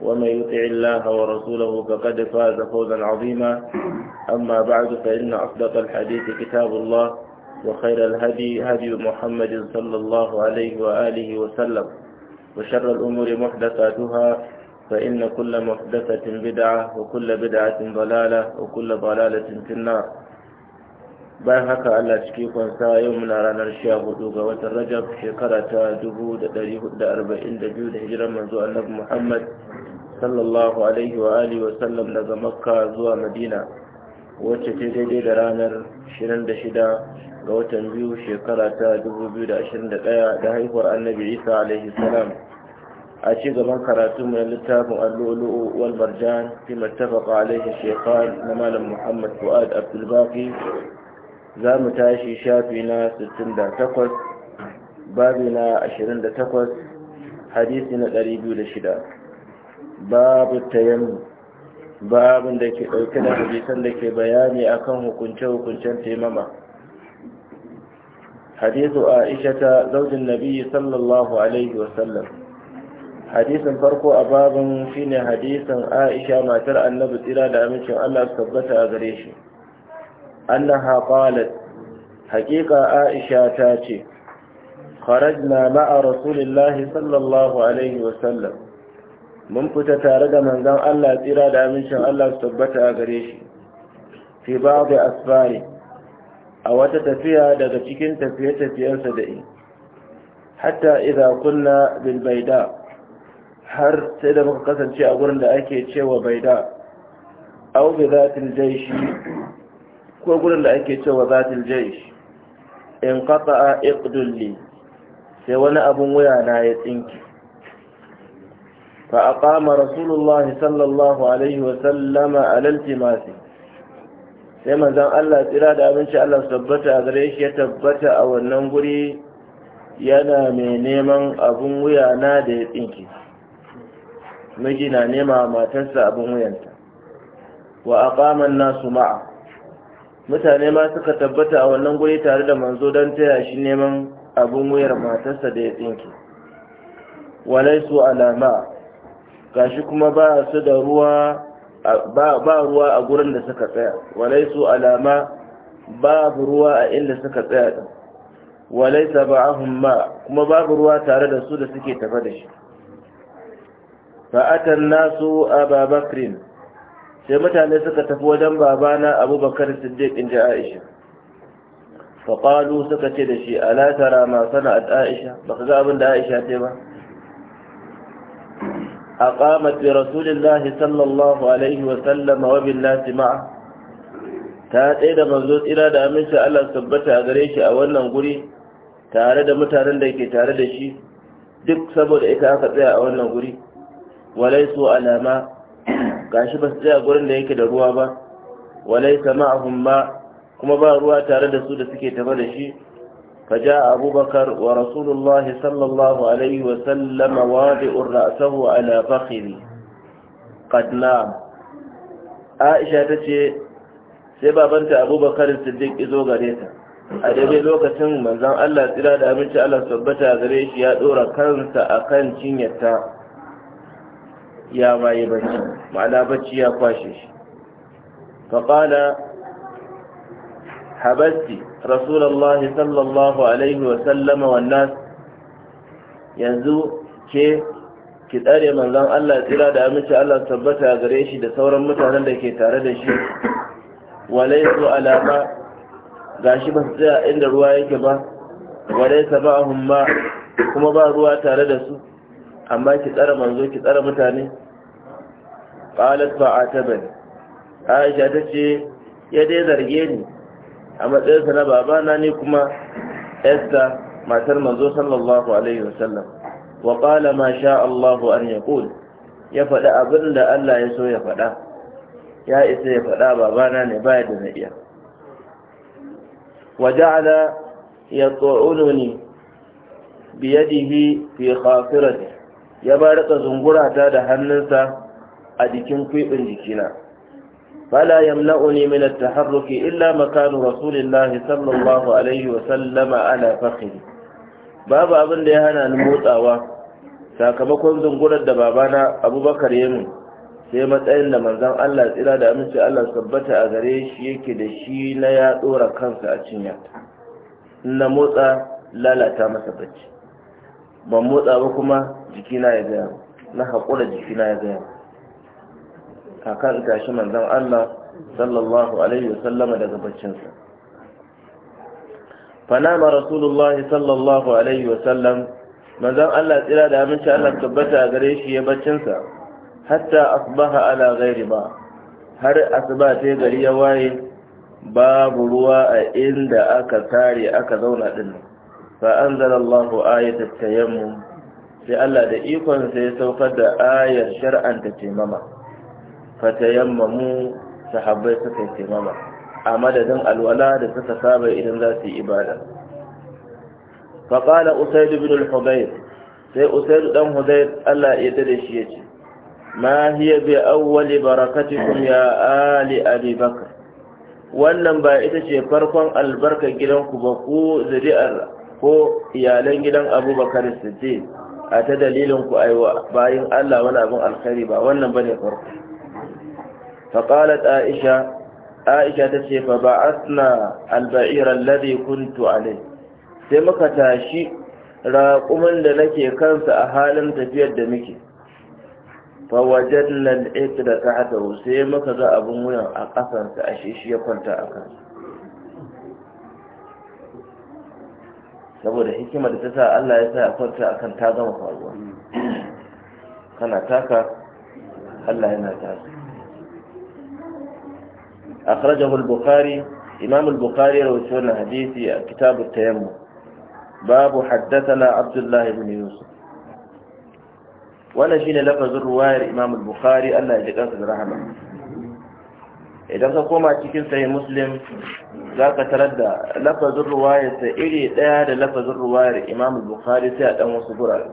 ومن يطع الله ورسوله فقد فاز فوزا عظيما أما بعد فإن أصدق الحديث كتاب الله وخير الهدي هدي محمد صلى الله عليه وآله وسلم وشر الأمور محدثاتها فإن كل محدثة بدعة وكل بدعة ضلالة وكل ضلالة في النار bayan haka Allah ciki kwansa yau muna ranar 14 ga watan Rajab shekara ta 1442 da hijirar manzo محمد sallallahu alaihi wa alihi wa sallam daga makka zuwa madina wacce ta daidai da ranar 26 ga watan biyu shekara ta 2021 da haihuwar annabi isa alaihi salam a ci gaban karatun mai littafin allolo wal marjan fi mattafaqa alaihi shekhan na malam muhammad fuad abdulbaki za mu tashi shafi na 68 babi na 28 hadisi na 206 babu tayammum babin da ke dauke da hadisan da ke bayani akan hukunce-hukuncen taimama hadisu aisha ta zaujin nabi sallallahu alaihi wasallam hadisun farko a babin hadisun a aisha matar annabi tsira da amincin allah su tabbata a gare shi annaha haƙalat haƙiƙa aisha ta ce na ma'a rasulullahi sallallahu alaihi wasallam mun fita tare da manzon Allah tsira da amincin Allah su tabbata a gare shi fi babu asfari a wata tafiya daga cikin tafiye-tafiyensa da in hatta idan kunna bil baida har sai da muka kasance a gurin da ake cewa baida aw bi zatil jayshi ko gurin da ake cewa zatil jayshi in qata'a iqdulli sai wani abun wuya na ya tsinki فأقام رسول الله صلى الله عليه وسلم على التماس sai manzon Allah tsira da abinci Allah su tabbata a gare shi ya tabbata a wannan guri yana mai neman abin wuya na da ya tsinki miji na nema matarsa abun wuyanta wa aqaman nasu ma'a mutane ma suka tabbata a wannan guri tare da manzo don taya shi neman abin wuyar matarsa da ya tsinki walaisu alama gashi kuma ba su da ruwa ba ruwa a gurin da suka tsaya walai alama babu ruwa a inda suka tsaya din walai ba'ahum ma kuma babu ruwa tare da su da suke tafa da shi fa atan nasu ababakrin sai mutane suka tafi wajen babana abubakar siddiq in aisha fa qalu suka ce da shi ala tara ma sana'at aisha baka ga abin da aisha ta ba أقامت برسول الله صلى الله عليه وسلم وبالناس معه تاتي da manzo tsira da aminci Allah tabbata a gare shi a wannan guri tare da mutanen da ke tare da shi duk saboda ita aka tsaya a wannan guri walaisu alama gashi ba su tsaya gurin da yake da ruwa ba walaisa ma'ahum ma kuma ba ruwa tare da su da suke tafe da shi فجاء أبو بكر ورسول الله صلى الله عليه وسلم واضع رأسه على فخذي قد نام عائشة تشي سيبا بنت أبو بكر الصديق إذو غريتا أدبي لوكة من زم الله تلا دامنش الله سبتا غريش يا دورا كنسا أكن شنيتا يا ما يبنش معنا بنش يا قاشش فقال Habatti, رسول Sallallahu alaihi wa عليه yanzu ke ki tsare manzon Allah tsira da amince Allah tabbata gare shi da sauran mutanen da ke tare da shi walaisu alama gashi ba su tsaya inda ruwa yake ba walaisa ba'ahum humma. kuma ba ruwa tare da su amma ki tsara manzo ki tsara mutane qalat ba'ataban Aisha tace ya dai zarge ni a matsayinsa na babana ne kuma esta matar manzo sallallahu alaihi wasallam wa qala ma sha allahu an yaqul ya faɗa abin da Allah ya so ya faɗa ya isa ya faɗa babana ne baya da na iya wa ja'ala yat'ununi bi yadihi fi khafirati ya baraka zungurata da hannunsa a jikin kwibin jikina فلا يملأني من التحرك إلا مكان رسول الله صلى الله عليه وسلم على فخذي باب أبن ليهانا نموت أوا sakamakon zungurar da babana abubakar ya sai matsayin da manzan Allah tsira da aminci Allah Tabbata a gare shi yake da shi na ya tsora kansa a cinya na motsa lalata masa bacci ban motsa ba kuma jikina ya gaya na haƙura jikina ya gaya akan tashi manzon Allah sallallahu alaihi wasallama daga baccinsa fanama rasulullahi sallallahu alaihi wasallam manzon Allah tsira da aminci Allah tabbata a gare shi ya baccinsa hatta asbaha ala ghairi ba har asuba sai gari ya waye babu ruwa a inda aka tare aka zauna din fa anzalallahu ayatat tayammum sai Allah da ikonsa ya saukar da ayar shar'anta taimama fatayammamu sahabbai suka yi taimama a madadin alwala da suka saba idan za su yi ibada faƙala usaid ibn al-hudayr sai Usaidu ɗan hudayr Allah ya tada shi yace ma hiya bi awwal barakatikum ya ali abi bakr wannan ba ita ce farkon albarkar ku ba ko zuri'ar ko iyalan gidan abubakar siddiq a ta dalilin ku aiwa bayan Allah wani abin alkhairi ba wannan bane farko فقالت عائشة عائشة تسي فبعثنا البعير الذي كنت عليه سمك تاشي راقمن لنكي كانت أهالا تفيد دمكي فوجدنا الإكل تحته سمك ذا أبو ميا أقصا تأشيش يقلت أقصا saboda hikimar da ta sa Allah ya sa a kwanta a kan ta zama faruwa kana taka Allah yana taka أخرجه البخاري إمام البخاري رويته حديثي كتاب التيمم باب حدثنا عبد الله بن يوسف wannan shine lafazin ruwayar Imam Bukhari Allah ya ji kansa da rahama idan ka koma cikin sahih Muslim zaka tarar da lafazin ruwayar sa iri daya da lafazin ruwayar Imam Bukhari sai a dan wasu gurare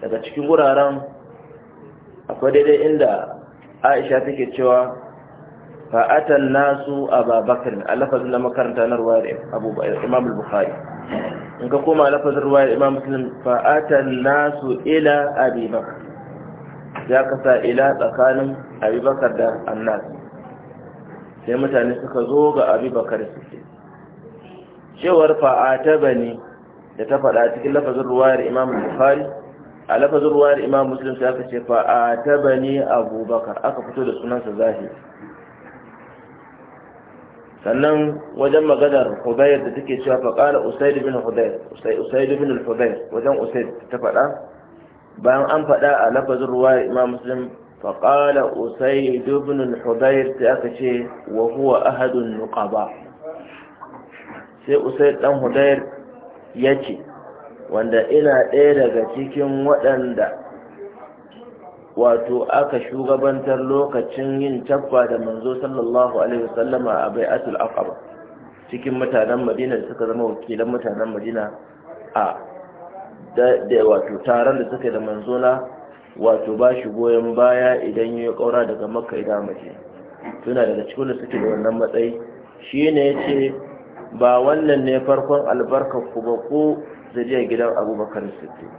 daga cikin guraren akwai daidai inda aisha take cewa fa'atan nasu ababakar a makaranta na makaranta na ruwayar imam al-bukhari in ka koma lafazin da imam muslim fa'atan nasu ila Abibakar. ya kasa ila tsakanin Abibakar da annas sai mutane suka zo ga abubakar suke cewar fa'ata bane da ta faɗa cikin lafazin da imam al-bukhari a lafazin ruwa da imam muslim sai aka ce fa a taba ne abubakar aka fito da sunansa zahiri sannan wajen maganar hudayar da take cewa fa kala usaidu bin hudayar usaidu bin hudayar wajen usaid ta faɗa bayan an faɗa a lafazin ruwa da imam muslim fa kala usaidu bin hudayar sai aka ce wa huwa ahadun nuqaba sai usaid dan ya ce. wanda ina ɗaya daga cikin waɗanda wato aka shugabantar lokacin yin tabba da manzo sallallahu alaihi wasallama a bai'atul aqaba cikin mutanen madina da suka zama wakilan mutanen madina a da wato taron da suka da manzo na wato ba shi goyon baya idan ya kaura daga makka idan mace suna daga cikin da suke da wannan matsayi shine yace ba wannan ne farkon albarkar ku ba ko zuriyar gidan abubakar siddiq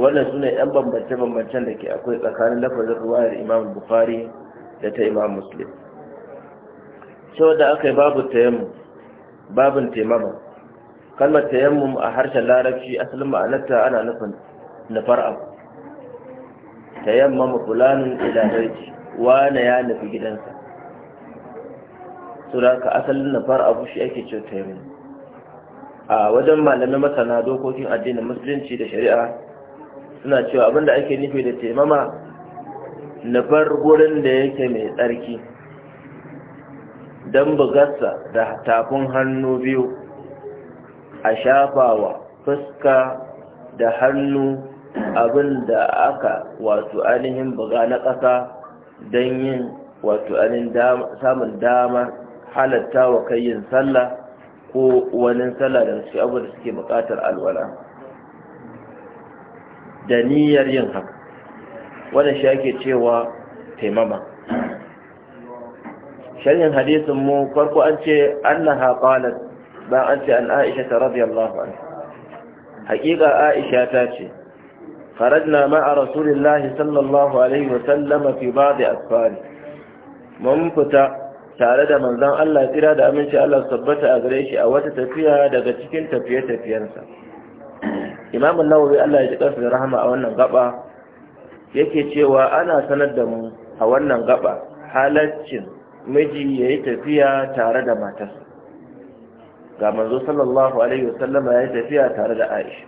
wannan ne yan bambance-bambancen da ke akwai tsakanin lafazin ruwayar imam bukhari da ta imam muslim sau da aka yi babu tayammum babin taimama kalmar tayammum a harshen larabci asalin ma'anarta ana nufin nufar abu tayammama fulanin ilalarci wane ya nufi gidansa su da ka asalin fara abu shi ake ce tayammum a wajen malamin masana dokokin addinin musulunci da shari'a suna cewa abinda ake nufi da taimama na bar wurin da yake mai tsarki don bugarsa da tafin hannu biyu a shafawa fuska da hannu abin da aka wato ainihin buga na ƙasa don yin wato ainihin samun damar halatta wa kai sallah ko wani sallah da suke abu da suke buƙatar alwala da niyyar yin haka wanda shi ake cewa taimama sharhin hadisin mu farko an ce annaha qalat ba an ce an aisha ta radiyallahu anha haƙiƙa aisha ta ce kharajna ma'a rasulillahi sallallahu alaihi wa sallama fi ba'd asfari mun fita tare da manzan Allah tsira da aminci Allah tabbata a gare shi a wata tafiya daga cikin tafiye-tafiyensa Imam Nawawi Allah ya ji kansa da rahama a wannan gaba yake cewa ana sanar da mu a wannan gaba halaccin miji yayi tafiya tare da matarsa ga manzo sallallahu alaihi wasallama yayi tafiya tare da Aisha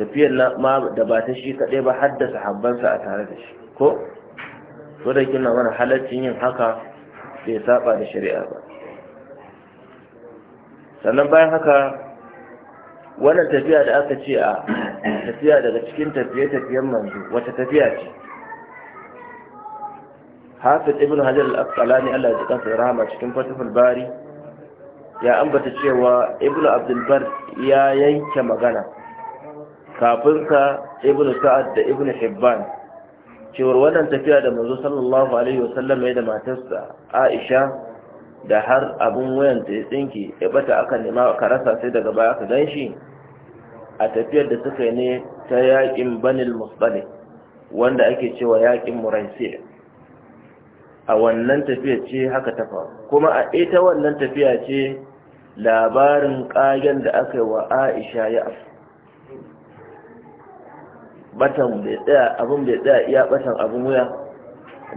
tafiyar ma da ba ta shi kadai ba haddasa habbansa a tare da shi ko to na kina mana halaccin yin haka bai saba da shari'a ba sannan bayan haka wannan tafiya da aka ce a tafiya daga cikin tafiye-tafiyen manzo wata tafiya ce hafiz ibn hajar al-asqalani Allah ya jikansa rahama cikin fatihul bari ya ambata cewa ibn abdul ya yanke magana kafin ka ibn sa'ad da ibn hibban cewar wannan tafiya da manzo sallallahu alaihi wasallam ya da matarsa Aisha da har abun wayanta ya tsinki ya bata aka nema ka rasa sai daga baya aka ganshi a tafiyar da suka yi ne ta yaƙin Banil Mustalif wanda ake cewa yaƙin Muraisi a wannan tafiya ce haka ta faru kuma a ita wannan tafiya ce labarin ƙagen da aka yi wa Aisha ya afu batan bai tsaya abin bai tsaya iya batan abin wuya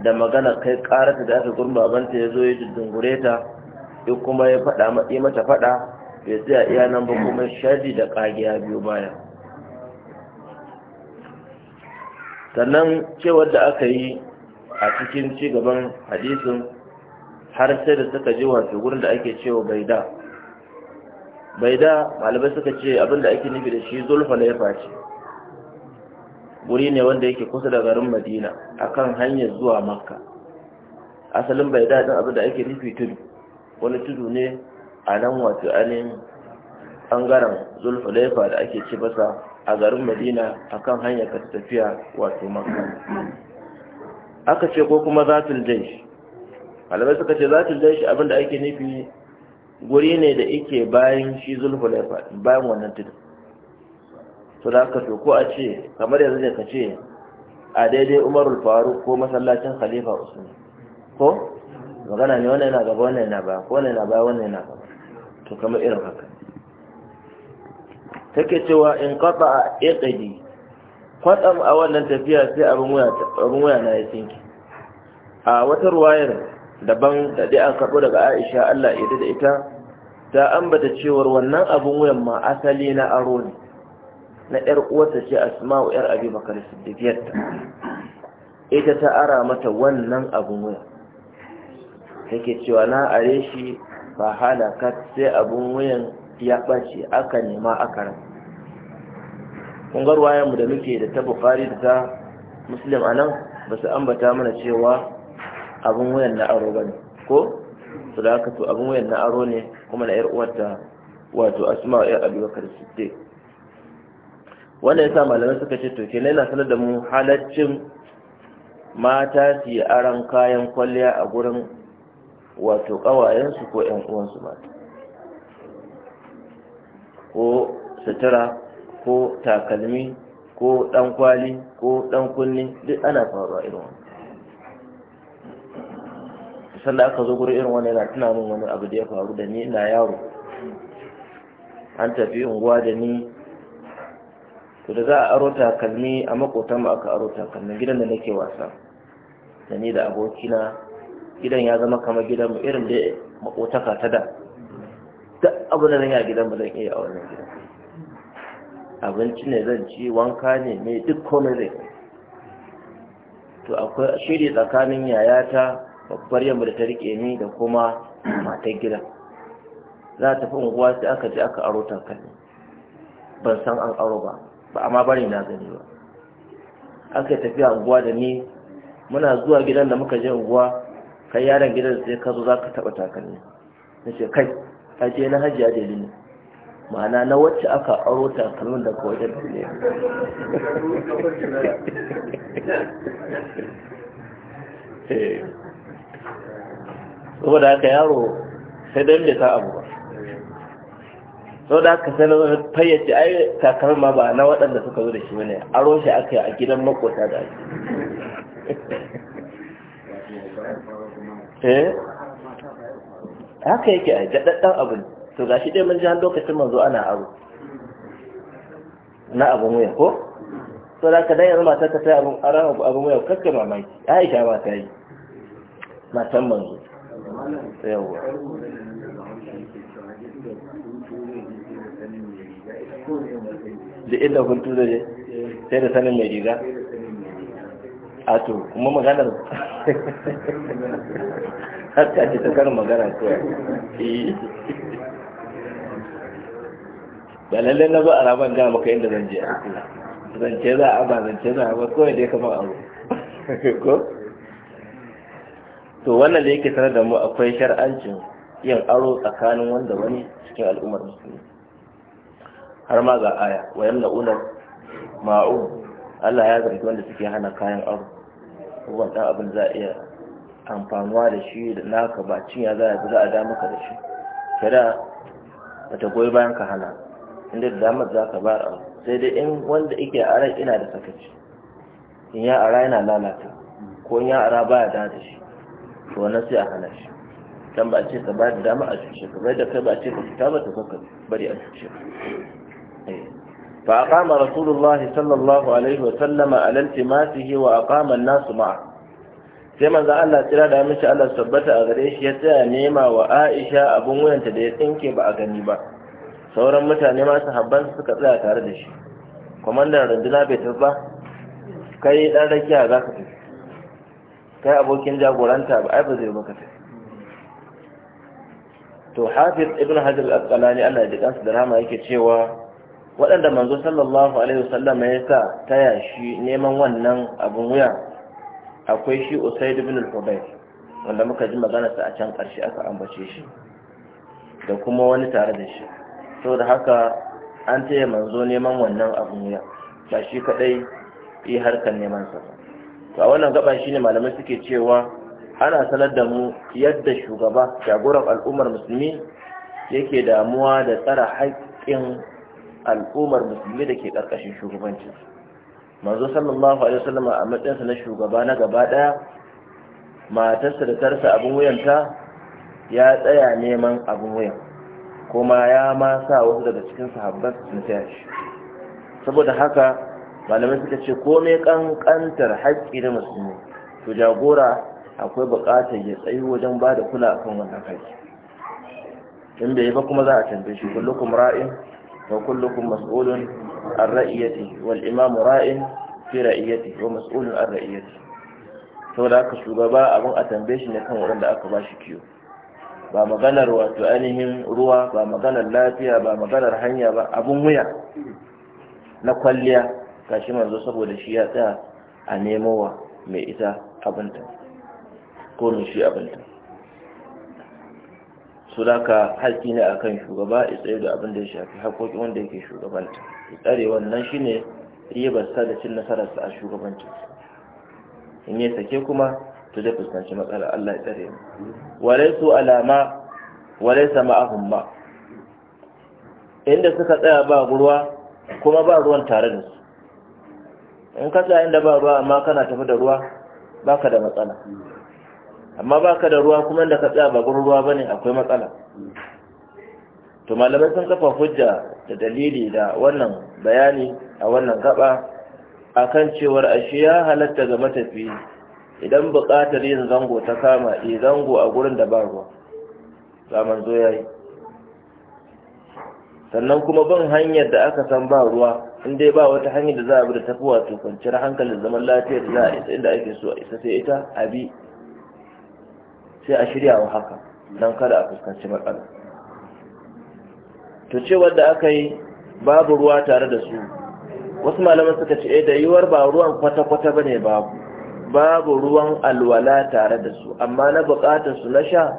da magana kai karata da aka gurba banta ya zo ya jiddungure ta ya kuma ya faɗa mata faɗa bai tsaya iya nan ba kuma shaji da ƙagiya biyu baya sannan cewar da aka yi a cikin ci gaban hadisin har sai da suka ji wato gurin da ake cewa bai da, malamai suka ce abin da ake nufi da shi zulfa na ya face guri ne wanda yake kusa da garin madina akan hanyar zuwa makka asalin bai daɗin abin da ake nufi tudu wani tudu ne a nan wato anin ɓangaren zulfulaifa da ake ci basa a garin madina akan hanyar ka tafiya wato makka aka ce ko kuma zatul jaish malamai suka ce zatul jaish abin da ake nufi guri ne da yake bayan shi zulfulaifa bayan wannan tudu to da ko a ce kamar yanzu ne ka ce a daidai umarul faru ko masallacin khalifa usman ko magana ne wannan yana gaba wannan yana baya ko wannan yana baya wannan yana ba to kamar irin haka take cewa in qata a iqdi kwatsam a wannan tafiya sai abin wuya na ya tsinki a wata ruwayar daban da dai an karbo daga Aisha Allah ya da ita ta ambata cewar wannan abin wuyan ma asali na aro ne na ‘yar uwarta ce asma'u ‘yar abi bakar siddiqiyarta ita ta ara mata wannan abin wuya take cewa na are shi ba halaka sai abin wuyan ya ɓace aka nema aka ran ƙungar wayanmu da muke da ta bukari da ta muslim anan, nan ba su ambata mana cewa abin wuyan na aro ba ne ko su da to abin wuyan na aro ne kuma na ‘yar uwarta wato asma'u ‘yar abi bakar siddiq wannan yasa malamai suka ce to kenan yana sanar da mu halaccin mata su yi aron kayan kwalliya a gurin wato ƙawayensu ko ‘yan uwansu mata ko sutura ko takalmi ko ɗan kwali ko ɗan kunni duk ana faruwa irin wani sannan aka zo gurin irin wani yana tuna min wani abu da ya faru da ni ina yaro an tafi unguwa da ni to da za a aro takalmi a makotan mu aka aro takalmin gidan da nake wasa da ni da abokina gidan ya zama kamar gidan mu irin da makotaka ta da duk abu da zan yi a gidan mu zan iya a wannan gidan abinci ne zan ci wanka ne mai duk komai zai to akwai shiri tsakanin yayata babbar yamma da ta rike ni da kuma matar gida za ta fi unguwa sai aka je aka aro takalmi ban san an aro ba ba amma bari na gani ba aka tafiya unguwa da ni muna zuwa gidan da muka je unguwa kai yaron gidan sai ka zo za ka taɓa takalmi na ce kai a je na hajiya da ne ma'ana na wacce aka aro takalmin daga wajen da ne eh. saboda haka yaro sai dan da ta abu sau da aka sanar fayyace ai kakar ma ba na waɗanda suka zo da shi wani a roshe aka yi a gidan makwata da ake eh haka yake a gaɗaɗɗan abin to ga shi dai mun ji lokacin manzo ana aro na abin wuya ko sau da aka dai yanzu matar ka ta abin aron abin wuya kakka mamaki aisha ma ta yi matan manzo yawwa da inda huntu da sai da sanin mai riga a to kuma maganar haska ce ta karin magana kawai ba lalle na ba a raban gama maka inda zan je zance za a ba zance za a ba kawai dai kamar abu ko to wannan da yake sanar da mu akwai shar'ancin yin aro tsakanin wanda wani cikin al'ummar musulmi har ma ga aya wa yamna unar ma'u Allah ya zargi wanda suke hana kayan abu ruwan dan abin za a iya amfanuwa da shi da naka ba cinya za a za a da maka da shi kada ta goyi bayan ka hana inda da damar za ka ba a sai dai in wanda yake a rai ina da sakaci in ya ara yana lalata ko in ya ara baya da da shi to wannan sai a hana shi dan ba a ce ka ba da dama a cuce ka bai da kai ba a ce ka fita ba ta bari a cuce ka فأقام رسول الله صلى الله عليه وسلم على a وأقام الناس معه sai manzo Allah tsira da mishi Allah tabbata a gare shi ya tsaya nema wa Aisha abun wayanta da ya tsinke ba a gani ba sauran mutane ma sahabban suka tsaya tare da shi komandan runduna bai tafi kai dan rakiya za ka tafi kai abokin jagoranta ba ai ba zai maka tafi to Hafiz Ibn Hajar al-Asqalani Allah ya ji kansa da rahama yake cewa waɗanda manzo sallallahu alaihi wasallam ya sa taya shi neman wannan abun wuya akwai shi usaid ibn al-hudayr wanda muka ji magana sa a can ƙarshe aka ambace shi da kuma wani tare da shi da haka an taya manzo neman wannan abun wuya ba shi kadai yi harkar neman sa to a wannan gaba ne malamai suke cewa ana sanar da mu yadda shugaba jagoran al'ummar musulmi yake damuwa da tsara haƙƙin al'ummar musulmi da ke karkashin shugabancin manzo sallallahu alaihi wasallam a sa na shugaba na gaba daya matarsa da tarsa abin wuyanta ya tsaya neman abun wuyan kuma ya ma sa wasu daga cikin sahabban su tsaya shi saboda haka malamai suka ce komai kankantar haƙƙi da musulmi to jagora akwai buƙatar ya tsayi wajen ba da kula akan wannan haƙƙi in bai ba kuma za a tambaye shi kullukum ra'in وكلكم مسؤول عن رأيته والإمام راء في رأيته ومسؤول عن رأيته saboda haka shugaba abin a tambaye shi ne kan waɗanda aka ba shi kiyo ba maganar wato ainihin ruwa ba maganar lafiya ba maganar hanya ba abin wuya na kwalliya gashi manzo saboda shi ya tsaya a nemowa mai ita abinta ko shi abinta su ka haƙƙi ne kan shugaba a tsaye da abin da ya shafi haƙoƙi wanda yake shugabanta ya tsare wannan shi shine ribarsa da cin nasararsa a shugabanci in yi sake kuma to zai fuskanci matsala Allah ya tsare walai su alama sama inda suka tsaya ba ruwa kuma ba ruwan tare da su in ka tsaya inda ba ruwa amma kana tafi da ruwa baka da matsala amma ba ka da ruwa kuma da ka tsaya ba gurin ruwa ne akwai matsala to malamai sun kafa hujja da dalili da wannan bayani a wannan gaba akan cewar ashe ya halatta ga matafi idan buƙatar yin zango ta kama yi zango a gurin da ba ruwa zo ya yayi sannan kuma ban hanyar da aka san ba ruwa in dai ba wata hanyar da za a bi da tafi wato kwanciyar hankalin zaman lafiyar da za a isa inda ake so a isa sai ita bi. sai a shirya wa haka don kada a fuskanci matsala to ce wanda aka yi babu ruwa tare da su wasu malaman suka ce eh, da yiwuwar ba ruwan kwata-kwata ne babu babu ruwan alwala tare da su amma na bukatar su na sha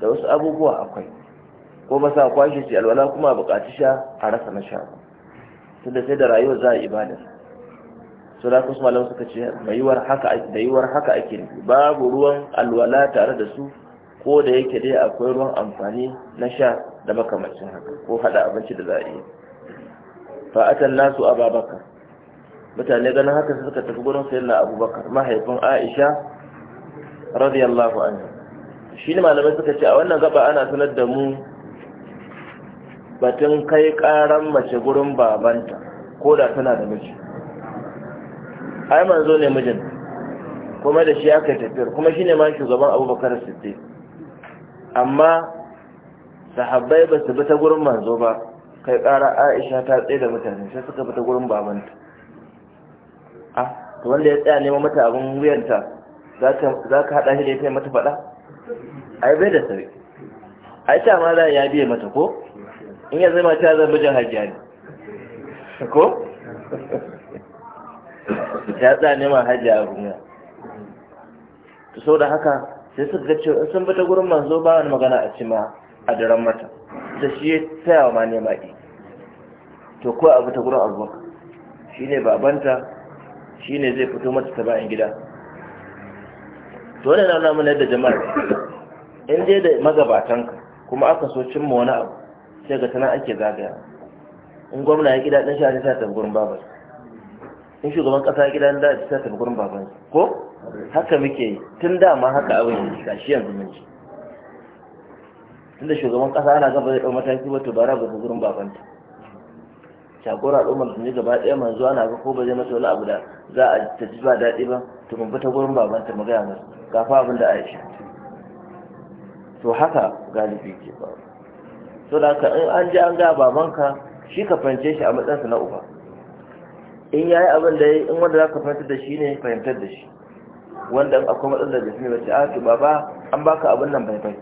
da wasu abubuwa akwai ko ba kwashe su alwala kuma bukaci sha a rasa na sha ba da sai da rayuwa za a ibadarsa. so da kusa malam suka ce da yiwuwar haka ake nufi babu ruwan alwala tare da su ko da yake dai akwai ruwan amfani na sha da makamacin haka ko hada abinci da za a yi fa'atan nasu ababaka mutane ganin haka suka tafi gurin sayan na abubakar mahaifin aisha radiyallahu anha shi ne malamai suka ce a wannan gaba ana sanar da mu batun kai karan mace gurin babanta ko da tana da miji ai manzo ne mijin kuma da shi aka tafiyar kuma shi ne ma shugaban abubakar sitte amma sahabbai ba su bi ta gurin manzo ba kai ƙara aisha ta tsaye da mutane sai suka bi ta gurin babanta a ah, to wanda ya tsaya neman mata abin wuyanta za ka haɗa shi da ya kai mata faɗa ai bai da sauri ai ta ma za ya biye mata ko in ya zama ta zama jin hajjiya ne ko ya tsaya neman hajji a duniya to sau da haka sai suka ga cewa sun bata gurin manzo ba wani magana a cima a daren mata da shi ya tsaya ma nema ki to ko a ta gurin abubakar ne babanta shi ne zai fito mata ta bayan gida to wani na nuna mana yadda jama'ar in dai da magabatanka kuma aka so cimma wani abu sai ga tana ake zagaya in gwamna ya gida ɗan shi a ta gurin babarsa in shugaban kasa gidan da ta tafi gurin baban ko haka muke tun dama haka abin ga shi yanzu mun ji tunda shugaban kasa ana gaba da dau mataki ba to bara ba gurin baban ta shagora al'ummar sun yi gaba ɗaya manzo ana ga ko ba zai mata wani abu da za a tafi ba daɗi ba to mun fita gurin baban ta mu gaya masa kafa abin da Aisha to haka galibi ke ba so da ka in an ji an ga babanka shi ka fahimce shi a sa na uba in yayi abin da in wanda zaka fahimtar da shi ne fahimtar da shi wanda in akwai matsalar da shi ne ce a ba baba an baka abin nan bai bai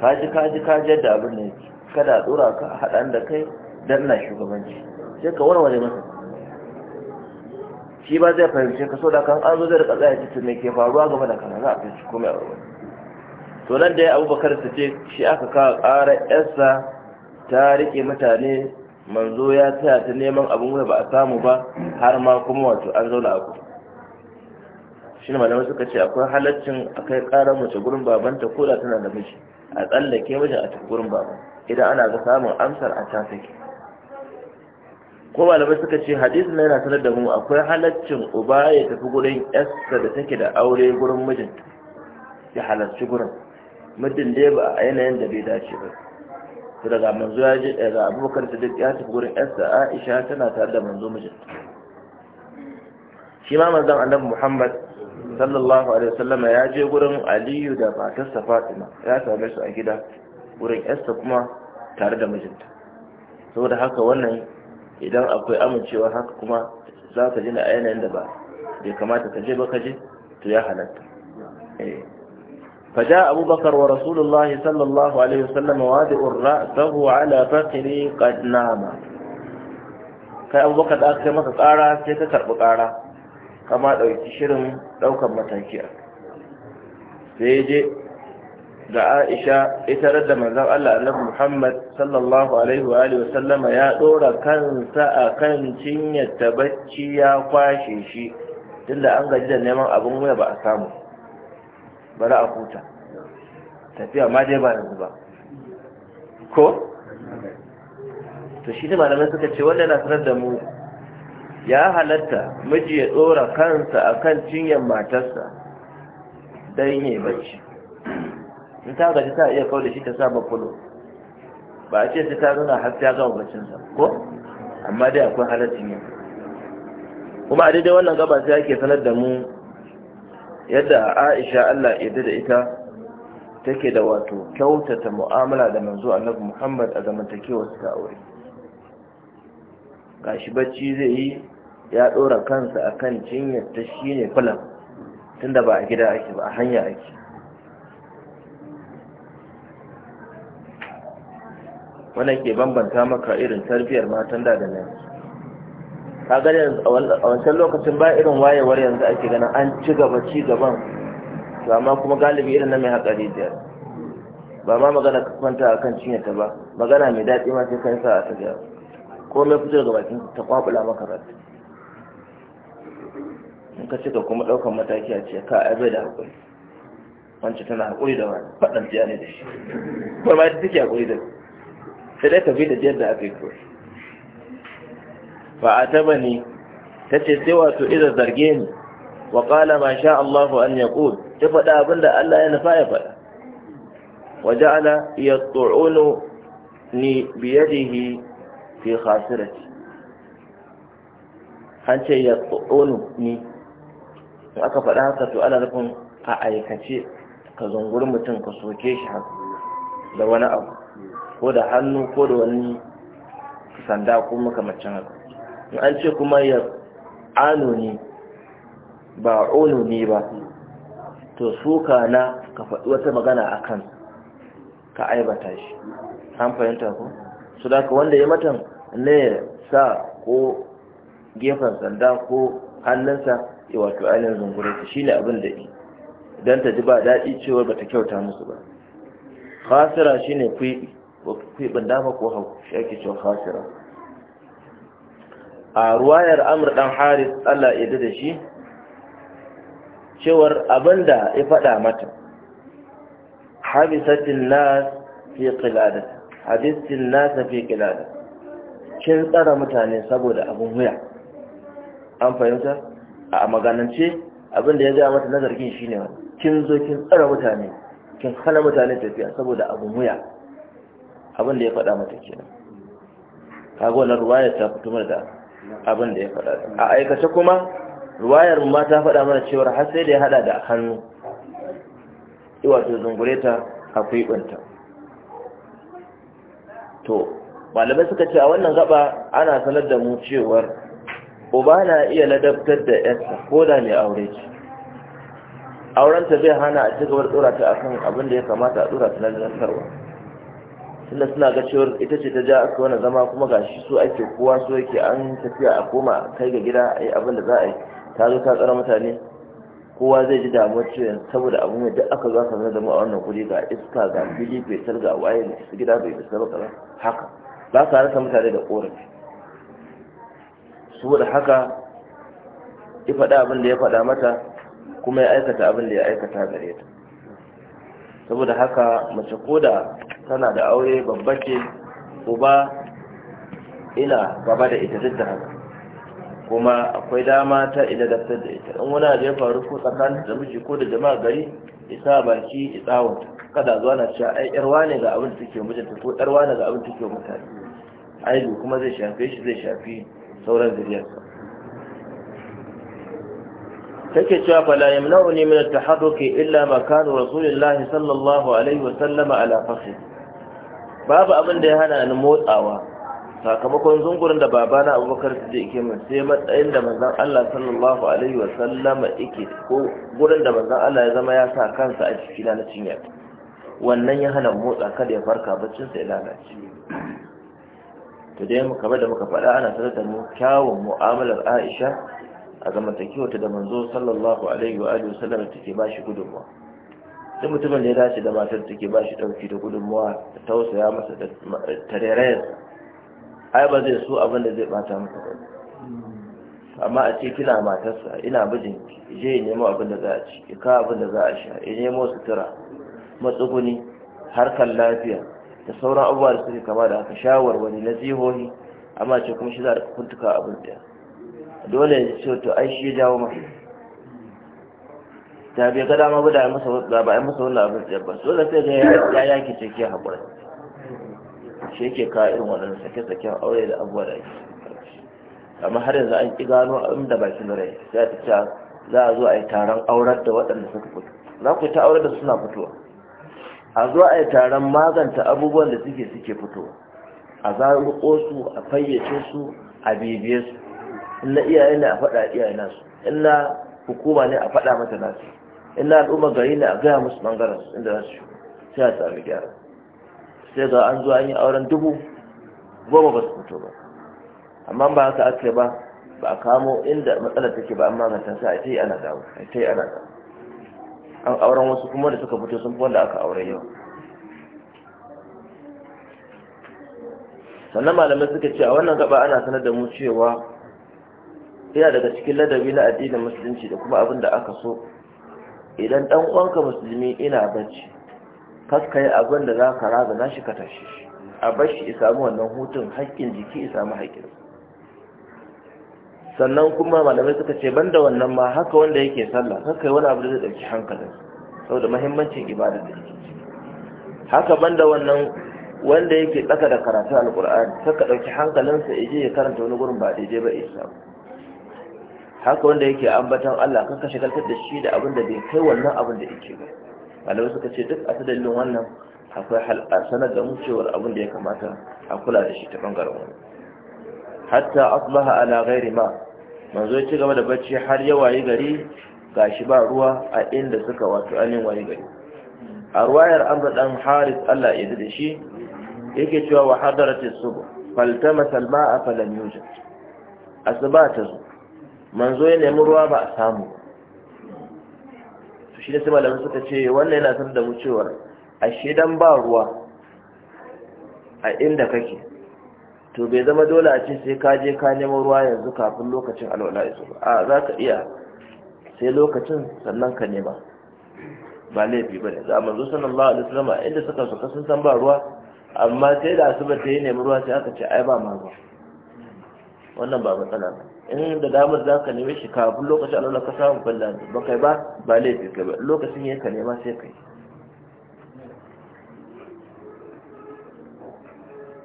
kaji kaji kaji da abin nan kada a dora ka hadan da kai dan na shugabanci sai ka warware masa shi ba zai fahimce ka so da kan an zo zai rika tsaya cikin me ke faruwa game da kana za a fahimci komai a warware to nan da ya abubakar ta ce shi aka kawo ƙara yarsa ta riƙe mutane manzo ya taya ta neman abin da ba a samu ba har ma kuma wato an zauna a ku shi ne malamai suka ce akwai halaccin akai karar mace gurin babanta ko da tana da miji a tsallake mijin a cikin gurin baban idan ana ga samun amsar a can take ko malamai suka ce na yana sanar da mu akwai halaccin uba ya tafi gurin yarsa da take da aure gurin mijinta ya halarci gurin muddin dai ba a yanayin da bai dace ba daga manzo ya je daga abubakar duk ya tafi gurin yarsa aisha tana tare da manzo mijinta shi ma manzon annabi muhammad sallallahu alaihi wasallama ya je gurin aliyu da matarsa fatima ya same su a gida gurin yarsa kuma tare da mijinta saboda haka wannan idan akwai amincewa haka kuma za ka ji na yanayin da ba bai kamata ka je ba ka je to ya halatta eh. فجاء أبو بكر ورسول الله صلى الله عليه وسلم وادئ رأسه على فقري قد نام kai abubakar da aka kai masa tsara sai ka karɓi tsara kama ɗauki shirin ɗaukar mataki a sai je ga aisha ita da manzan allah annabi muhammad sallallahu alaihi wa alihi wasallama ya ɗora kansa a kan cinyar ta bacci ya kwashe shi tunda an gaji da neman abin wuya ba a samu bari a huta tafiya ma dai ba yanzu ba ko to shi ne malamai suka ce wanda na sanar da mu ya halatta miji ya tsora kansa a kan cinyar matarsa don yi bacci in ta gaji ta iya kawo da shi ta sa kulo ba a ce sai ta nuna har ta gama baccinsa ko amma dai akwai halaccin yin kuma a daidai wannan gaba sai ake sanar da mu yadda aisha allah yadda da ita take da wato kyautata mu'amala da manzo annabi muhammad a zamantakewar ta aure gashi bacci zai yi ya ɗora kansa a kan jinyar ta shine ne tunda ba a gida ake ba a hanya ake wannan ke bambanta maka irin tarbiyyar matan da da nan kagar yanzu a wancan lokacin ba irin wayewar yanzu ake ganin an ci gaba ci gaban to amma kuma galibi irin na mai haƙa rijiyar ba ma magana kwanta a kan cinye ta ba magana mai daɗi ma sai kan sa a tafiya ko mai fito daga bakin ta kwabula maka rata in ka cika kuma ɗaukan mataki a ce ka aibe da haƙuri wancan tana haƙuri da wani faɗan jiya ne da shi ba ma ita take haƙuri da sai dai ka bi da jiyar da ake yi kawai fa atabani tace sai wato iza zarge ni wa qala ma sha Allahu an yaqul ta faɗa abinda Allah ya nufa ya faɗa wa ja'ala yat'unu ni bi yadihi fi khasirati an ce yat'unu ni in aka faɗa haka to ana rufin a aikace ka zunguri mutum ka soke shi haka da wani abu ko da hannu ko da wani sanda ko makamacin haka an ce kuma ya anu ne ba ono ne ba to suka na ka faɗi wata magana a kan ka aibata shi an fahimta ku? su da ka wanda ya matan ne sa ko gefen sanda ko hannunsa ya wato ainihin zungurinsa shi ne abin da yi don ta ji ba daɗi cewar ba ta kyauta musu ba khasira shi ne kwiɓi kwiɓin dama ko hau shi ake cewa khasira a ruwayar amur dan haris allah ya da shi cewar abinda ya faɗa mata habisatin na fi habisatin hadisin nas fi kilada, kin tsara mutane saboda abin wuya an fahimta a maganance abinda ya ga mata nazarkin ne wani, kin zo kin tsara mutane kin hana mutane tafiya saboda abin wuya abin da ya faɗa mata ke nan wannan ruwayar ta fito mana da abin da ya faɗa a aikace kuma ruwayar ma ta faɗa mana cewar har sai da ya haɗa da hannu wato zungure ta akwai to malamai suka ce a wannan gaba ana sanar da mu cewar uba na iya ladabtar da yarsa ko da mai aure ce aurenta zai hana a cigaba da tsora a kan abin da ya kamata a tsorata na zartarwa tunda suna ga cewar ita ce ta ja aka wani zama kuma ga shi so ake kowa so yake an tafiya a koma kai ga gida a yi abin da za a yi ta zo ta tsara mutane kowa zai ji damuwar cewa saboda abu mai duk aka za ka zama zama a wannan kuri ga iska ga fili fetar ga waye da su gida bai bisa ba haka ba ka rasa mutane da korafi saboda haka ya faɗa abin da ya faɗa mata kuma ya aikata abin da ya aikata gare ta saboda haka mace ko da tana da aure babba ce uba ina gaba da ita duk da haka kuma akwai dama ta ila daftar da ita in wani abu ya faru ko tsakanin da miji ko da jama'a gari isa baki itsawon kada zuwa na cewa ai yar wane ga abin da take mijinta ko yar wane ga abin da take mutane aibu kuma zai shafe shi zai shafi sauran zuriyar take cewa fala yamna'u ni min at tahadduki illa ma kana rasulullahi sallallahu alaihi wa sallama ala fakhri babu abin da ya hana ni motsawa sakamakon zungurin da babana abubakar su da ke sai matsayin da manzan Allah sallallahu Alaihi sallama ike ko gurin da manzan Allah ya zama ya sa kansa a cikin na cinya wannan ya hana motsa kada ya farka baccinsa sai lalace to dai muka da muka faɗa ana sanar da mu kyawun mu'amalar Aisha a zamantakewa ta da manzo sallallahu alaihi wa alihi wasallam take ba shi gudunmawa da mutumin da ya dace da matar take ba shi ɗauki da gudunmawa da tausaya masa da tarerayar ai ba zai so abin da zai bata masa ba amma a ce kina matarsa ina bijin je ya nemo abin da za a ci ya ka abin da za a sha ya nemo sutura matsuguni harkar lafiya da sauran abubuwa da suke kama da haka shawarwari na zihohi amma ce kuma shi za a kuntuka abin daya dole ya ce to ai shi ya jawo mafi ta bai ga dama ba da masa ba ai masa wannan abin tsayar ba da sai ga ya yaki ce ke haƙura shi yake ka irin waɗannan sake-saken aure da abuwa da ake amma har yanzu an ƙi gano abin da bakin rai sai ta ce za a zo a yi taron aurar da waɗanda suka fito za ku ta aurar da suna fitowa a zo a yi taron maganta abubuwan da suke suke fitowa a zaruƙo su a fayyace su a bibiye su in na iyaye ne a faɗa iyaye nasu in na hukuma ne a faɗa mata nasu illa al'umma gari ne a gaya musu bangaren inda za su sai a sami gyara sai ga an zuwa an yi auren dubu goma ba su fito ba amma ba haka ake ba ba a kamo inda matsalar take ba amma ganta sai a ce ana dawo a ce ana dawo an auren wasu kuma da suka fito sun fi wanda aka aure yau sannan malamai suka ce a wannan gaba ana sanar da mu cewa yana daga cikin ladabi na addinin musulunci da kuma abin da aka so idan dan uwanka musulmi ina bacci kaskai, yi abin da za ka raga na shi ka tashi a bashi ya samu wannan hutun haƙƙin jiki ya samu haƙƙin sannan kuma malamai suka ce banda wannan ma haka wanda yake sallah haka yi wani abu da zai ɗauki hankalin saboda mahimmancin ibada da yake haka banda wannan wanda yake tsaka da karatun alƙur'ani saka ɗauki hankalinsa ya je ya karanta wani gurin ba daidai ba ya samu haka wanda yake ambatan Allah kan kashe kalkar da shi da abin da bai kai wannan abin da yake ba malamai suka ce duk a ta dalilin wannan akwai halka sanar da mu abin da ya kamata a kula da shi ta bangaren wani hatta asbaha ala ghairi ma manzo ya ci gaba da bacci har ya wayi gari gashi ba ruwa a inda suka wato anin wayi gari a ruwayar amr dan haris Allah ya da shi yake cewa wa hadaratis subh faltamasa al-ma'a falam yujad asbata manzo ya nemi ruwa ba a samu su shi da su malamin suka ce wannan yana sun da mu a ashe ba ruwa a inda kake to bai zama dole a ce sai ka je ka nemo ruwa yanzu kafin lokacin alwala isu a za ka iya sai lokacin sannan ka nema ba laifi ba ne za a manzo ba a da wasallam inda suka suka sun san ba ruwa amma sai da asibar ta yi nemi ruwa sai aka ce ai ba ma ruwa wannan ba matsala ba in da damar za ka neme shi kafin lokacin a ka samun balla ba kai ba ba laifi kai ba lokacin ya ka nema sai kai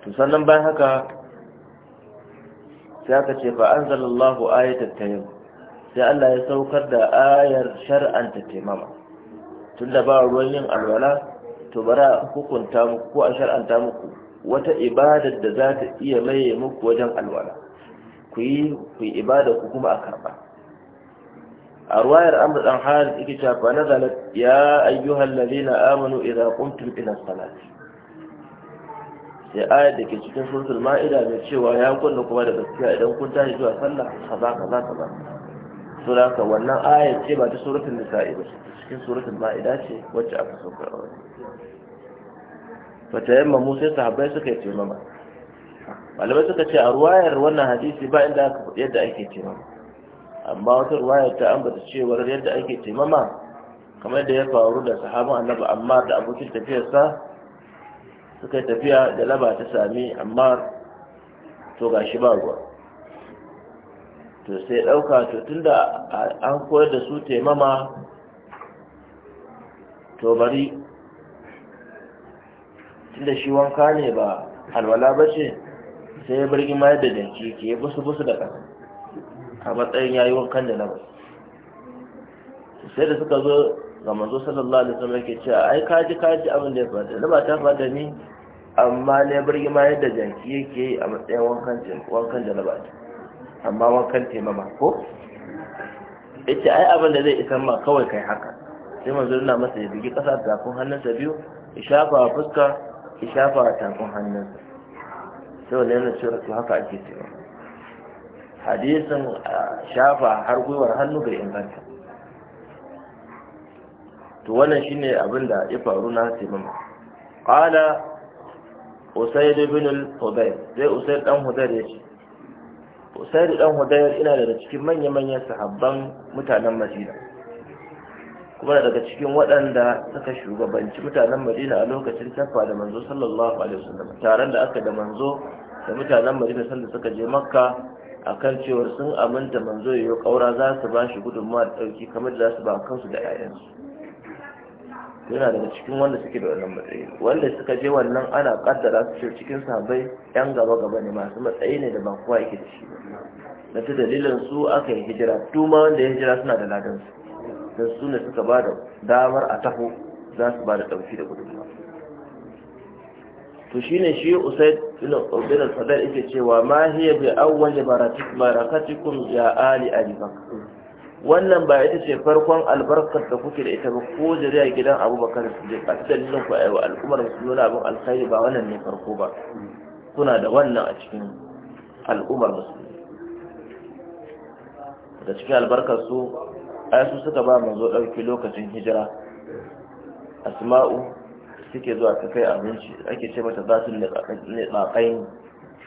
to sannan bayan haka sai aka ce fa anzalallahu ayatat tayyib sai Allah ya saukar da ayar shar'anta taimama tunda ba ruwan yin alwala to bara hukunta muku ko a shar'anta muku wata ibadar da za ta iya maye muku wajen alwala ku yi ku yi ibada ku kuma a karba a ruwayar amur ɗan harith yake cafa na zalat ya ayyuhal ladina amanu ira ƙuntun ila salat sai ayat da ke cikin suratul ma'ida mai cewa ya kunna kuma da gaskiya idan kun tashi zuwa sallah za ka za su da wannan ayat ce ba ta surutun nisa'i ba cikin surutun ma'ida ce wacce aka saukar a wani fata yamma mu sai sahabbai suka yi taimama malamai suka ce a ruwayar wannan hadisi ba inda aka faɗi yadda ake taimama amma wata ruwayar ta ambata cewar yadda ake taimama kamar da ya faru da sahaban annabi amma da abokin tafiyarsa suka tafiya da laba ta sami amma to gashi ba ruwa to sai ɗauka to tunda an koyar da su taimama to bari tunda shi wanka ne ba alwala ba ce sai ya bar imayar da danci ke ya busu busu da ƙasa a matsayin yayi wankan da na ba, sai da suka zo ga manzo sallallahu alaihi wasallam yake cewa ai kaji kaji abin da ya faru da ba ta faru da ni amma ne bar imayar da janki yake a matsayin wankan wankan da na ba amma wankan taimama ko yace ai abin da zai isa ma kawai kai haka sai manzo yana masa ya bigi ƙasa da tafin hannunsa biyu ya shafa fuska ya shafa tafin hannunsa Sau wanda yana cewa to haka ake cewa hadisin shafa har gwiwar hannu bai inganta to wannan shine abin da ya faru na taimama qala usayd ibn al-hudayr sai usayd dan hudayr yace usayd dan hudayr ina daga cikin manya-manyan sahabban mutanen madina kuma daga cikin waɗanda suka shugabanci mutanen madina a lokacin tafa da manzo sallallahu alaihi wasallam taron da aka da manzo da mutanen madina sanda suka je makka akan cewar sun aminta manzo yayi kaura za su ba shi gudunmawa da dauki kamar da za su ba kansu da 'ya'yansu yana daga cikin wanda suke da wannan matsayi wanda suka je wannan ana kaddara su ce cikin sahabbai yan gaba gaba ne masu matsayi ne da ba kowa yake da shi ba da ta dalilin su aka yi hijira tuma wanda ya hijira suna da ladansu. don su ne suka ba da damar a taho za su ba da ɗauki da gudunma to shine shi usaid ibn ubayd sadar ita cewa ma hiya bi awwal barakatikum ya ali a bakr wannan ba ita ce farkon albarkar da kuke da ita ba ko jariya gidan abubakar je. a nuna ku ayi al'ummar al'ummar nuna abin alkhairi ba wannan ne farko ba kuna da wannan a cikin al'ummar musulmi da cikin albarkar su ai su suka ba manzo ɗauki lokacin hijira asma'u suke zuwa ta kai abinci ake ce mata za su nitsakai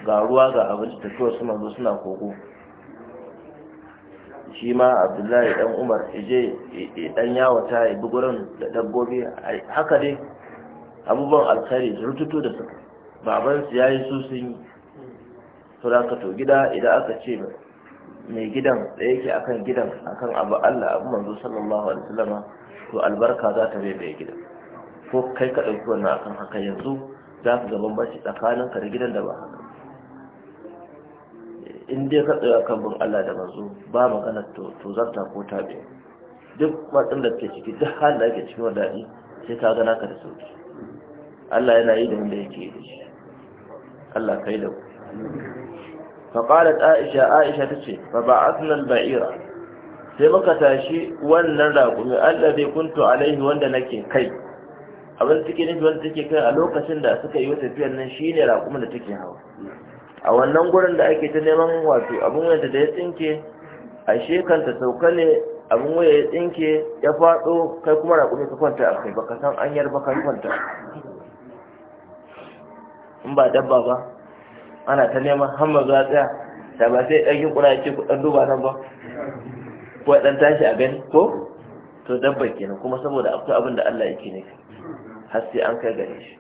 ga ruwa ga abinci ta su manzo suna kogo shi ma abdullahi dan umar ije dan yawata ya bi gurin da dabbobi haka dai abubuwan alkhairi rututu da suka babansu ya yi su sun yi gida idan aka ce mai gidan da yake kan gidan akan abu Allah abu manzo sallallahu alaihi wasallama to albarka za ta mai gidan ko kai ka ɗauki wannan akan haka yanzu za ka gaban bashi tsakanin ka da gidan da ba haka in dai ka tsaya kan bin Allah da manzo ba magana to to zarta ko tabe duk matsin da ke ciki duk halin da ke cikin daɗi sai ka gana ka da sauki Allah yana yi da wanda yake yi da shi Allah ka yi da ku faƙalat aisha aisha ta ce ba ba asnan ba'ira sai muka tashi wannan raƙumi allah zai kuntu alaihi wanda nake kai abin suke nufi wanda take kai a lokacin da suka yi tafiyar nan shine raƙumin da take hawa a wannan gurin da ake ta neman wato abin wanda da ya tsinke a shekanta sauka ne abin waya ya tsinke ya faɗo kai kuma raƙumi ka kwanta a kai baka san anyar baka kwanta in ba dabba ba ana ta neman hamma zuwa tsaya da ba sai ɗan yin ƙuna ce kuɗan duba nan ba ko ɗan tashi a gani ko to dabbar kenan kuma saboda akwai abin da Allah yake ne har sai an kai gare shi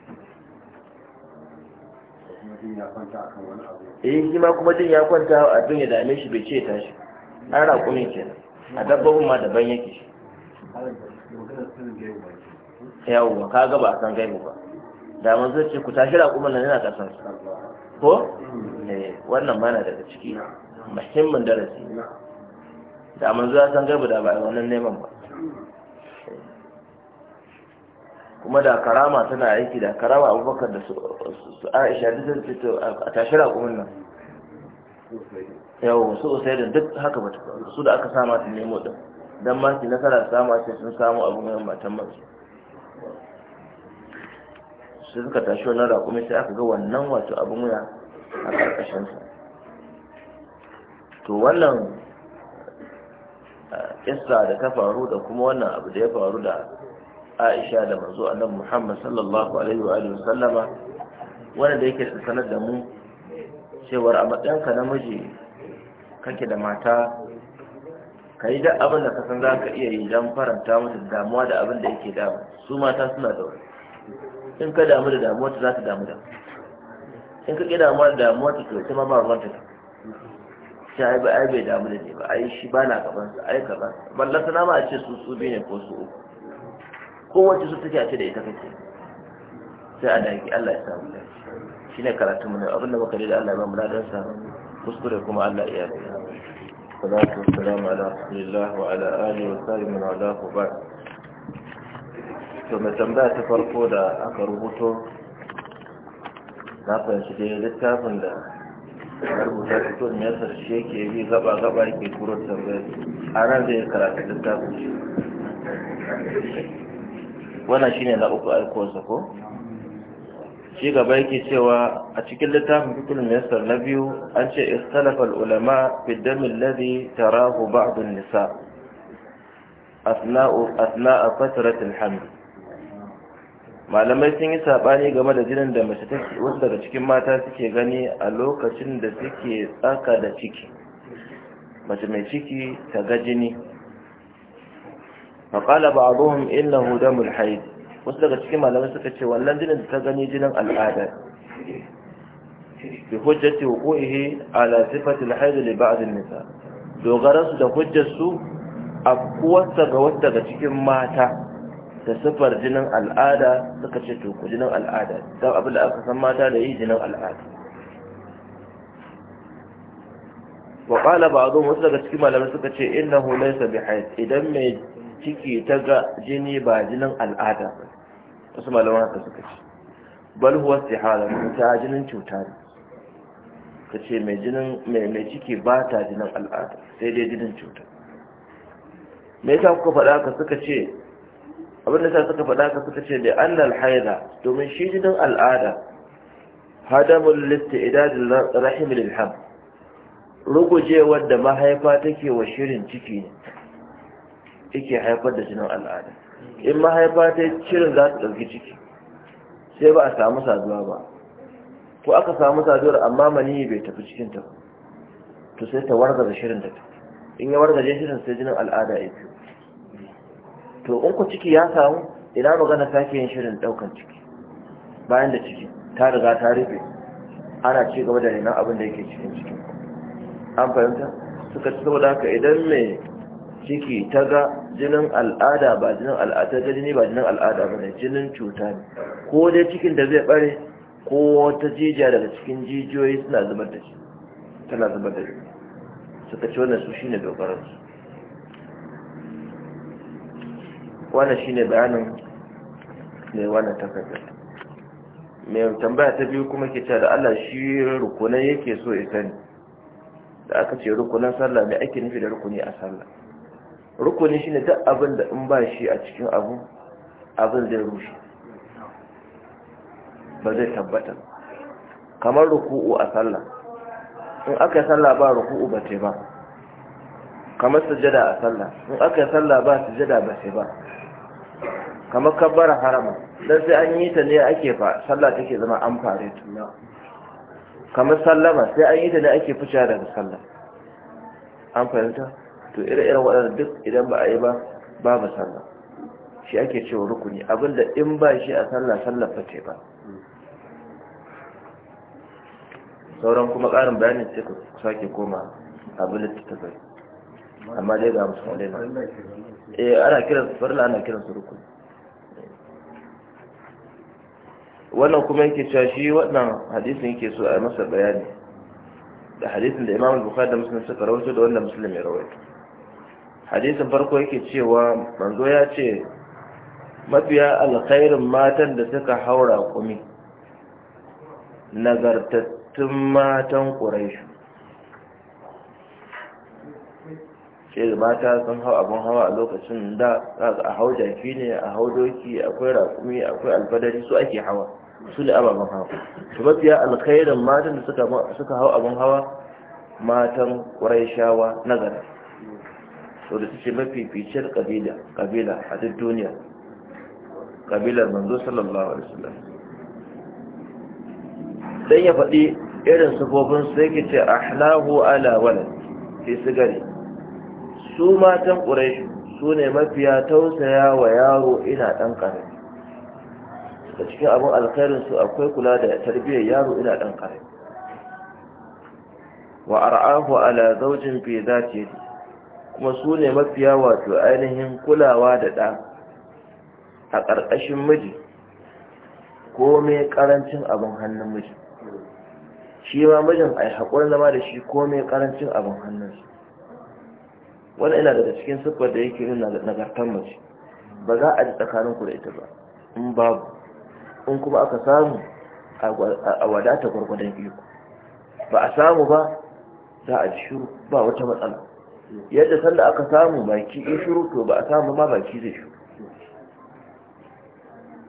eh shi ma kuma jin ya kwanta a duniya da dame shi bai ce tashi an raƙumin kenan a dabbobin ma daban yake shi yawwa ka gaba ba a san gaibu ba da manzo ce ku tashi raƙumin nan yana kasan su ko wannan mana daga ciki muhimmin darasi da manzo ya san gaba da ba a wannan neman ba kuma da karama tana aiki da karama abubakar da su aisha duk zai fito a tashira kuma nan yau su usai da duk haka ba su da aka sama su nemo din don ma su nasara samu a sun samu abu mai matan masu sai suka tashi wannan raƙumi sai aka ga wannan wato abin wuya a sa to wannan eh, kissa da ta faru da kuma wannan abu da ya faru da aisha da manzo annabi muhammad sallallahu alaihi wa alihi sallama wanda da yake sanar da mu cewar a matsayinka namiji kake da mata ka yi da abin da ka san za ka iya yi don faranta musu damuwa da abin da yake damu su mata suna da in ka damu da damuwa ta za ta damu da in ka ƙi damuwa da damuwa ta kyauta ma ba ruwan ta ta yi ba ai bai damu da ne ba ai shi ba na gaban sa ai gaban sa ballan sana ma a ce su su biyu ne ko su uku wacce su take a ce da ita kake sai a daki Allah ya samu da shi ne karatun mana ne abin da muka da Allah ya ba mu ladan sa kuskure kuma Allah ya yi salatu wassalamu ala rasulillah wa ala alihi wa sahbihi wa ala ba'd to mai tambaya ta farko da aka rubuto na fahimci da dai littafin da ya rubuta shi to ne yasa shi yake bi gaba gaba yake turo tambayar a ran zai karatu littafin shi wannan shine na uku aikowarsa ko shi gaba yake cewa a cikin littafin fitul miyasar na biyu an ce istalafal ulama fiddamin ladi tarahu ba'dun nisa asna a fataratul hamdu malamai sun yi saɓani game da jinin da mace take wasu daga cikin mata suke gani a lokacin da suke tsaka da ciki mace mai ciki ta ga jini faƙala ba abuhun inna hudan mulhaid wasu daga cikin malamai suka ce wannan jinin da ta gani jinin al'ada bi hujjati wuqu'ihi ala sifati al-hayd li ba'd an-nisa su da hujjarsu afkuwarsa ga wasu daga cikin mata da sufar jinin al'ada suka ce to ku jinin al'ada don abin da aka san mata da yi jinin al'ada wa qala ba'dhum wasu daga cikin malamai suka ce innahu laysa bihayd idan mai ciki ta ga jini ba jinin al'ada wasu malaman haka suka ce bal huwa istihara ta jinin cuta ne ka ce mai jinin mai ciki ba ta jinin al'ada sai dai jinin cuta me yasa kuka faɗa ka suka ce abin da suka faɗa ka suka ce da annal haida domin shi jinin al'ada hadamul litti idadin rahim lilham rugujewar da mahaifa take wa shirin ciki ne yake haifar da jinin al'ada in mahaifa ta shirin za ta ɗauki ciki sai ba a samu saduwa ba ko aka samu saduwar amma mani bai tafi cikin ta to sai ta wargaza shirin ta in ya wargaje shirin sai jinin al'ada ya biyu to in ku ciki ya samu ina magana sake yin shirin daukan ciki bayan da ciki ta riga ta rufe ana ci gaba da renon abin da yake cikin ciki an fahimta suka ci saboda haka idan mai ciki ta ga jinin al'ada ba jinin al'ada ta jini ba jinin al'ada ba ne jinin cuta ne ko dai cikin da zai bare ko wata jijiya daga cikin jijiyoyi suna zubar da shi tana zubar da shi suka ci wannan su shine dogaransu wannan shine bayanin mai wannan takardar mai tambaya ta biyu kuma ke cewa da Allah shi rukunan yake so ya sani da aka ce rukunan sallah mai ake nufi da rukuni a sallah rukuni shine duk abin da in ba shi a cikin abu abin zai rushe ba zai tabbata kamar ruku'u a sallah in aka yi sallah ba ruku'u ba ce ba kamar sujada a sallah in aka yi sallah ba sujada ba ce ba kamar kabbara harama dan sai an yi ta ne ake fa sallah take zama an fare ta kamar sallama sai an yi ta ne ake fita daga sallah an fahimta to ire-iren waɗanda duk idan ba a yi ba babu sallah shi ake cewa rukuni abinda in ba shi a sallah sallah fice ba sauran kuma ƙarin bayanin sai ku sake koma abin littattafai amma dai ga musamman Eh, ana kiran su farla ana kiran su rukuni wannan kuma yake cewa shi wannan hadisin yake so a masa bayani da hadisin da imam bukhari da muslim suka rawaito da wanda muslim ya rawaito hadisin farko yake cewa manzo ya ce mafiya alkhairin matan da suka haura kumi nagartattun matan quraishu sai mata sun hau abin hawa a lokacin da a hau jaki ne a hau doki akwai rakumi akwai alfadari su ake hawa su ne ababen hawa su mafiya alkhairin matan da suka hau abin hawa matan shawa na gara su da su mafi mafificiyar ƙabila a duk duniya kabilar manzo sallallahu alaihi wasallam dan ya faɗi irin sufofin su yake ce ahlahu ala walad fi sigari su matan ƙurai su ne mafiya tausaya wa yaro ina ɗan ƙarami da cikin abin su akwai kula da tarbiyyar yaro ina ɗan ƙarami wa ar'ahu ala zaujin fi zati kuma su ne mafiya wato ainihin kulawa da ɗa a ƙarƙashin miji ko mai ƙarancin abin hannun miji shi ma mijin a yi haƙurin zama da shi ko mai ƙarancin abin hannunsa wani ina daga cikin siffar da yake nuna nagartar mace ba za a ji tsakanin ku da ita ba in babu in kuma aka samu a wadata gwargwadon iko ba a samu ba za a ji shiru ba wata matsala yadda sanda aka samu baki ya shiru to ba a samu ma baki zai shiru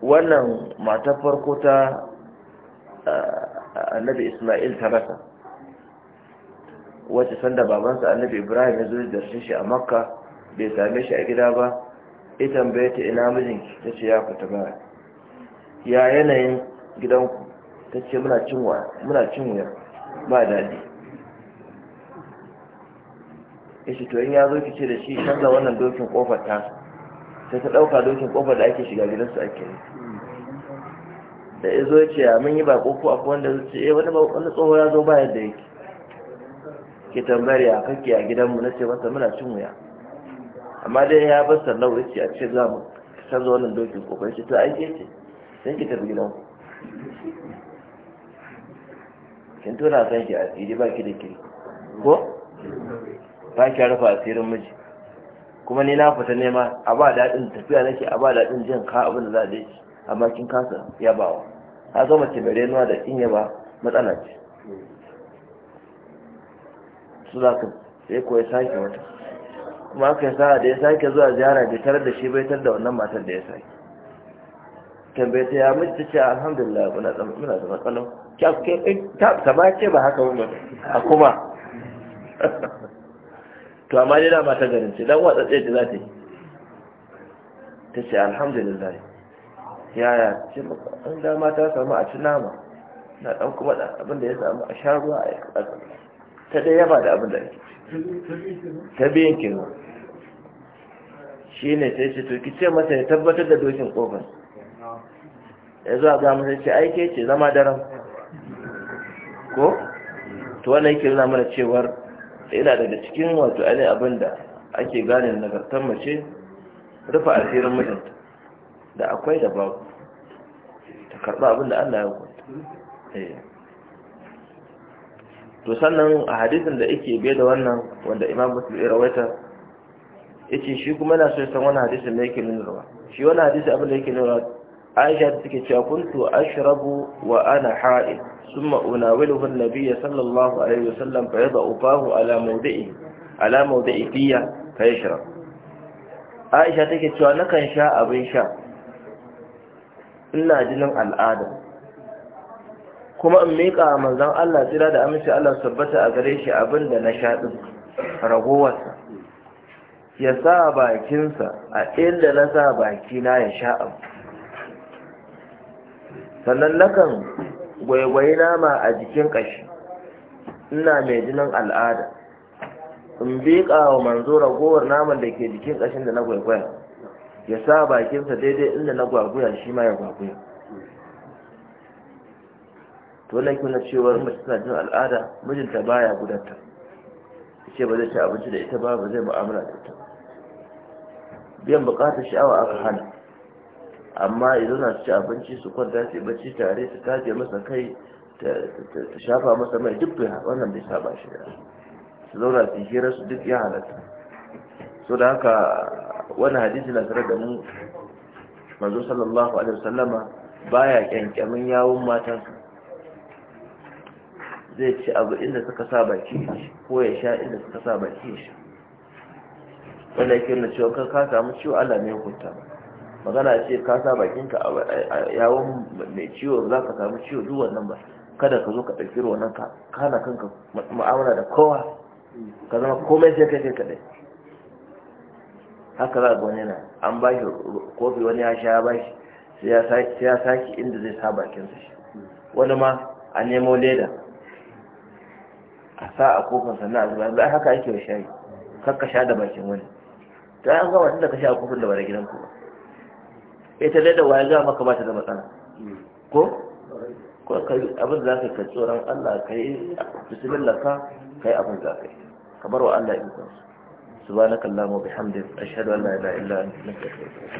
wannan matar farko ta annabi isma'il ta rasa wacce sanda babansa annabi ibrahim ya zo da shi a makka bai same shi a gida ba ya bai ta ina mijinki ta ce ya fita ba ya yanayin gidanku ta ce muna cin wuya ba daɗi ya ce to in ya zo ki ce da shi canza wannan dokin kofar ta sai ta ɗauka dokin kofar da ake shiga gidansu ake da ya zo ya ce ya mun yi ba ko akwai wanda zai ce eh, wani tsohon ya zo ba yadda yake ke tambayar ya kake a gidanmu na ce masa muna cin wuya amma dai ya bar sallau ya ce a ce za mu canza wannan dokin kokon shi ta aike ce sai ki tafi gidan kin tona san ki asiri ba ki da kiri ko ba ki rufe asirin miji kuma ni na fita nema a ba daɗin tafiya nake a ba daɗin jin ka abin da za a shi amma kin kasa yabawa ha zo mace mai renuwa da kin yaba matsala ce su za sai ko ya sake wata kuma aka yi sa'a da ya sake zuwa ziyara da tarar da shi bai tar da wannan matar da ya sake tambaye ta ya mutu ta ce alhamdulillah muna zama tsalau ta ba ce ba haka ba a kuma to amma dai na mata garin ce dan watsa tsaye ta za ta yi ta ce alhamdulillah yaya ce an dama ta samu a ci nama na dan kuma abinda ya samu a sha ruwa a yi ta ɗaya yaba da abin da ake ta biyan kinu shi ne ta ce to ki ce masa ya tabbatar da dokin kofin ya zuwa ga masa ce aike ce zama daren ko to wannan yake nuna mana cewar yana daga cikin wato ainihin abin da ake gane nagartar mace rufe asirin mijinta da akwai da babu ta karɓa abin da Allah ya hukunta eh. to sannan a hadisin da yake biye da wannan wanda imam muslim ya rawaita yace shi kuma yana so san wannan hadisin da yake nuna shi wannan hadisi abin da yake nuna Aisha da take cewa kuntu ashrabu wa ana ha'id thumma unawiluhu an-nabiy sallallahu alaihi wasallam fa yada'u fahu ala mawdi'i ala mawdi'i fiya fa yashrab Aisha take cewa nakan sha abin sha ina jinin al'ada kuma in miƙa manzan Allah tsira da aminci Allah tabbata a gare shi abin da na shaɗin ragowarsa ya sa bakinsa a inda na sa bakina ya sha abu sannan nakan gwaigwai nama a jikin ƙashi ina mai jinin al'ada in biƙa wa manzo ragowar naman da ke jikin ƙashin da na gwaigwaya ya sa bakinsa daidai inda na gwaguya shi ma ya gwaguya to laifin na cewar mace tana jin al'ada mijinta baya gudanta ce ba zai ci abinci da ita ba ba zai mu'amala da ita biyan bukatar sha'awa aka hana amma idan na ci abinci su kwanta su bacci tare su kaje masa kai ta shafa masa mai duk bai wannan bai saba shi da su zauna su hira su duk ya halatta so da haka wani hadisi na tare da mu manzo sallallahu alaihi wasallama baya kyankyamin yawun matansa zai ci abu inda suka sa baki ko ya sha inda suka sa baki ya sha wanda yake na cewa kan ka samu ciwo ala mai hukunta magana ce ka sa bakinka a yawon mai ciwo za ka samu ciwo duk wannan ba kada ka zo ka ɗauki wannan ka kana kanka mu'amala da kowa ka zama komai sai kai kai kaɗai haka za ga wani na an ba shi kofi wani ya sha ba shi sai ya saki inda zai sa bakinsa shi wani ma a nemo leda a sa a kofin sannan a zuba ba haka ake wa shayi kakka sha da bakin wani ta an gama tun da ka sha a kofin da ba da gidan ku ba ita dai da waya ga maka ba ta da matsala ko ko kai abin za ka yi tsoron Allah ka yi bismillah ka kai abin za ka yi ka bar wa Allah ikon wa bihamdika ashhadu an la ilaha illa anta astaghfiruka